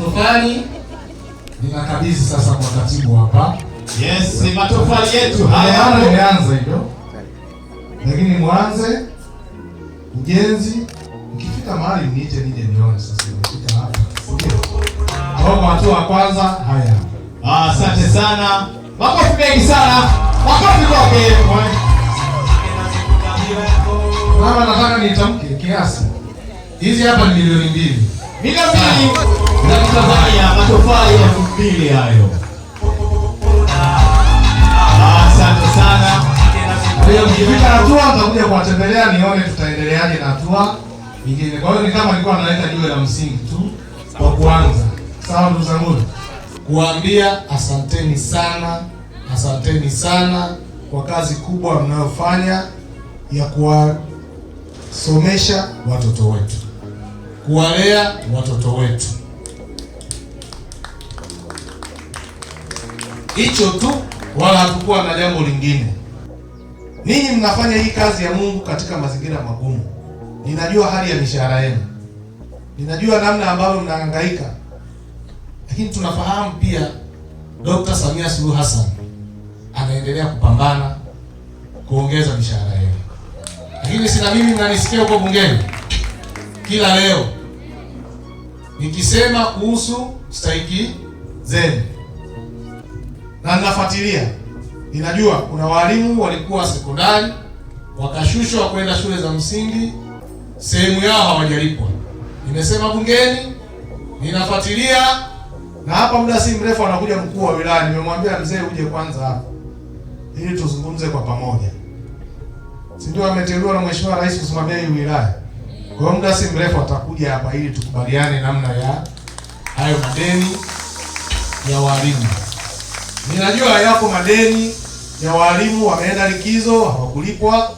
matofali ninakabidhi sasa kwa katibu hapa. Yes, ni matofali yetu haya. Imeanza hiyo, lakini mwanze ujenzi. Mkifika mahali niite nije nione sasa nimefika hapa. Au watu wa kwanza haya. Ah, asante sana. Makofi mengi sana. Makofi kwake. Mama nataka nitamke kiasi. Hizi hapa ni milioni mbili. Milioni mbili. Dakika haya matofali ya mbili hayo. Asante sana. Leo mkifika hatua nitakuja kuwatembelea nione tutaendeleaje na hatua nyingine. Kwa hiyo ni kama nilikuwa naleta jiwe la msingi tu kwa kuanza. Sawa ndugu zangu. Kuambia asanteni sana, asanteni sana kwa kazi kubwa mnayofanya ya kuwasomesha watoto wetu, kuwalea watoto wetu. hicho tu, wala hatukuwa na jambo lingine. Ninyi mnafanya hii kazi ya Mungu katika mazingira magumu. Ninajua hali ya mishahara yenu, ninajua namna ambavyo mnahangaika, lakini tunafahamu pia Dr. Samia Suluhu Hassan anaendelea kupambana kuongeza mishahara yenu, lakini sina mimi, mnanisikia huko bungeni kila leo nikisema kuhusu stahiki zenu na ninafuatilia. Ninajua kuna walimu walikuwa sekondari wakashushwa kwenda shule za msingi, sehemu yao hawajalipwa. Nimesema bungeni, ninafuatilia na hapa muda si mrefu anakuja mkuu wa wilaya. Nimemwambia mzee, uje kwanza hapa ili tuzungumze kwa pamoja, si ndio? Ameteuliwa na mheshimiwa rais kusimamia hii wilaya, kwa hiyo muda si mrefu atakuja hapa ili tukubaliane namna ya hayo madeni ya walimu. Ninajua yako madeni ya walimu wameenda likizo hawakulipwa,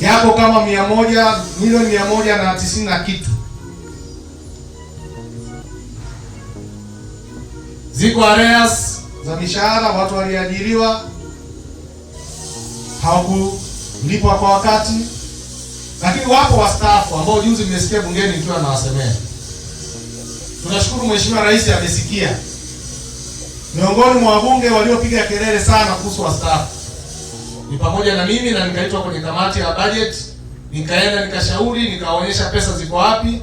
yako kama mia moja milioni mia moja na tisini na kitu. Ziko areas za mishahara, watu waliajiriwa hawakulipwa kwa wakati, lakini wapo wastaafu ambao juzi mmesikia bungeni nikiwa nawasemea Tunashukuru Mheshimiwa Rais amesikia. Miongoni mwa wabunge waliopiga kelele sana kuhusu wastaafu ni pamoja na mimi, na nikaitwa kwenye kamati ya budget, nikaenda nikashauri, nikaonyesha pesa ziko wapi.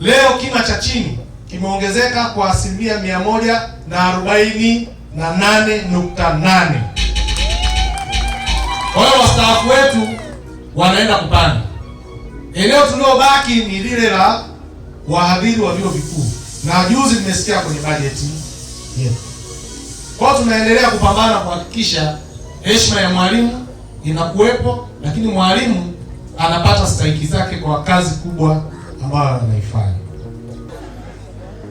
Leo kima cha chini kimeongezeka kwa asilimia mia moja na arobaini na nane nukta nane. Kwa hiyo wastaafu wetu wanaenda kupanda. Eneo tuliobaki ni lile la wahadhiri wa vyuo vikuu na juzi nimesikia kwenye bajeti yeah. Kwao tunaendelea kupambana kuhakikisha heshima ya mwalimu inakuwepo, lakini mwalimu anapata stahiki zake kwa kazi kubwa ambayo anaifanya.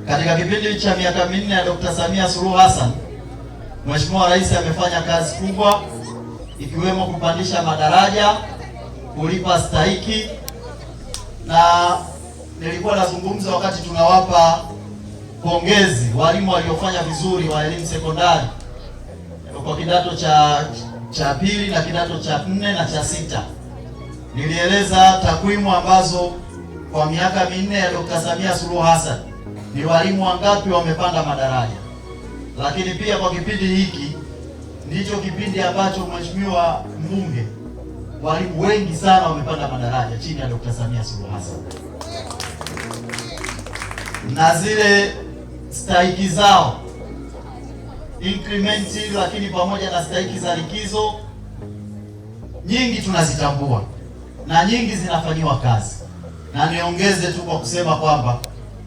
Katika kipindi cha miaka minne ya Dr. Samia Suluhu Hassan, Mheshimiwa Rais amefanya kazi kubwa ikiwemo kupandisha madaraja, kulipa stahiki, na nilikuwa nazungumza wakati tunawapa pongezi walimu waliofanya vizuri wa elimu sekondari kwa kidato cha cha pili na kidato cha nne na cha sita. Nilieleza takwimu ambazo kwa miaka minne ya Dkt. Samia Suluhu Hassan ni walimu wangapi wamepanda madaraja, lakini pia kwa kipindi hiki ndicho kipindi ambacho mheshimiwa mbunge, walimu wengi sana wamepanda madaraja chini ya Dkt. Samia Suluhu Hassan na zile stahiki zao increment, lakini pamoja na stahiki za likizo nyingi tunazitambua na nyingi zinafanyiwa kazi, na niongeze tu kwa kusema kwamba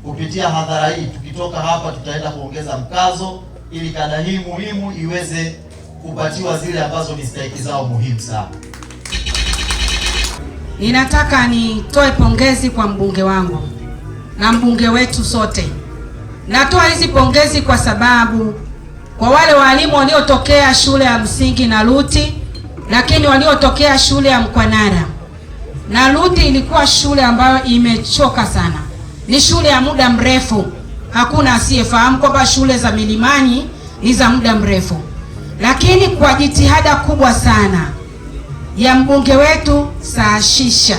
kupitia hadhara hii tukitoka hapa tutaenda kuongeza mkazo ili kada hii muhimu iweze kupatiwa zile ambazo ni stahiki zao muhimu sana. Ninataka nitoe pongezi kwa mbunge wangu na mbunge wetu sote Natoa hizi pongezi kwa sababu kwa wale walimu waliotokea shule ya msingi na Luti, lakini waliotokea shule ya Mkwanara. na Luti ilikuwa shule ambayo imechoka sana, ni shule ya muda mrefu. Hakuna asiyefahamu kwamba shule za milimani ni za muda mrefu, lakini kwa jitihada kubwa sana ya mbunge wetu Saashisha,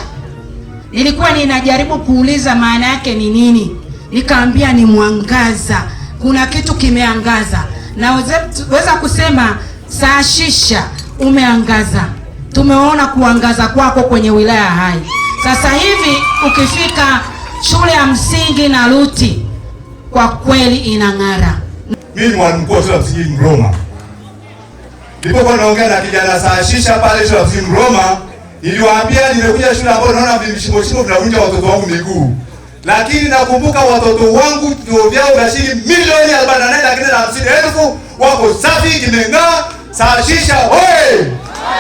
nilikuwa ninajaribu kuuliza maana yake ni nini ikaambia ni mwangaza, kuna kitu kimeangaza. Naweza kusema Saashisha, umeangaza. Tumeona kuangaza kwako kwenye wilaya Hai. Sasa hivi ukifika shule ya msingi na Luti, kwa kweli inang'ara. Mimi ni mwalimu mkuu wa shule ya msingi Mroma. Nilipokuwa naongea na kijana Saashisha pale shule ya msingi Mroma, niliwaambia nimekuja shule ambayo naona vimshimoshimo vinavunja watoto wangu miguu lakini nakumbuka watoto wangu vyoo vyao vya shilingi milioni arobaini na nane lakini na hamsini elfu wako safi, kimeng'aa. shisha oye!